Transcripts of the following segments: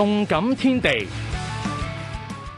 動感天地，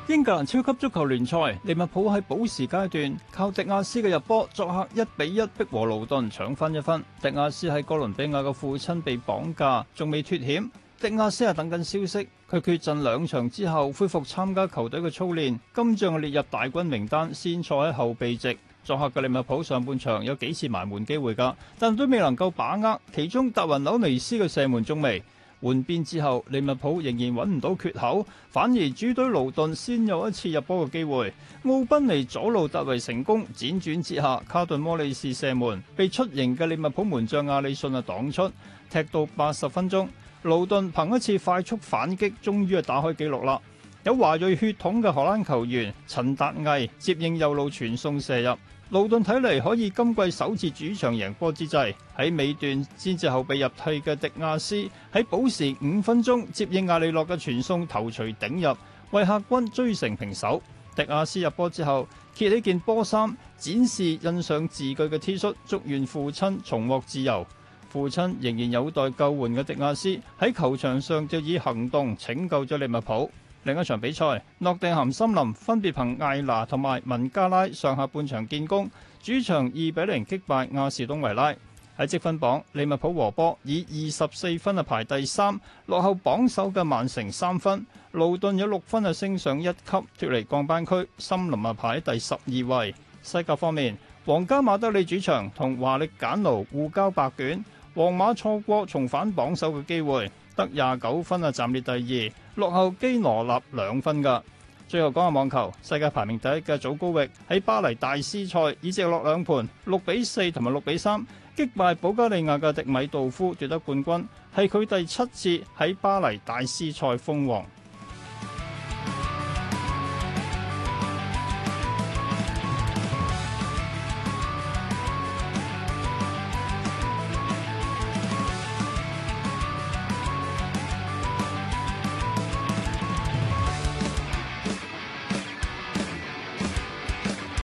英格蘭超級足球聯賽，利物浦喺補時階段靠迪亞斯嘅入波，作客一比一逼和盧頓，搶翻一分。迪亞斯喺哥倫比亞嘅父親被綁架，仲未脫險，迪亞斯啊等緊消息。佢缺陣兩場之後，恢復參加球隊嘅操練，今仗列入大軍名單，先坐喺後備席。作客嘅利物浦上半場有幾次埋門機會噶，但都未能夠把握，其中達雲紐尼斯嘅射門中楣。換邊之後，利物浦仍然揾唔到缺口，反而主隊盧頓先有一次入波嘅機會。奧賓尼左路突圍成功，輾轉之下，卡頓摩利士射門被出營嘅利物浦門將亞里信啊擋出，踢到八十分鐘，盧頓憑一次快速反擊，終於係打開紀錄啦。有華裔血統嘅荷蘭球員陳達毅接應右路傳送射入，勞頓睇嚟，可以今季首次主場贏波之際，喺尾段先至後備入替嘅迪亞斯喺補時五分鐘接應阿利洛嘅傳送頭槌頂入，為客軍追成平手。迪亞斯入波之後揭起件波衫，展示印上字句嘅 T 恤，祝願父親重獲自由。父親仍然有待救援嘅迪亞斯喺球場上就以行動拯救咗利物浦。另一場比賽，諾定咸森林分別憑艾娜同埋文加拉上下半場建功，主場2比0擊敗亞士東維拉。喺積分榜，利物浦和波以24分啊排第三，落後榜首嘅曼城三分。盧頓有六分啊升上一級，脱離降班區。森林啊排第十二位。西甲方面，皇家馬德里主場同華力簡奴互交白卷。皇馬錯過重返榜首嘅機會，得廿九分啊，暫列第二，落後基羅納兩分噶。最後講下網球，世界排名第一嘅祖高域喺巴黎大師賽以直落兩盤六比四同埋六比三擊敗保加利亞嘅迪米道夫奪得冠軍，係佢第七次喺巴黎大師賽封王。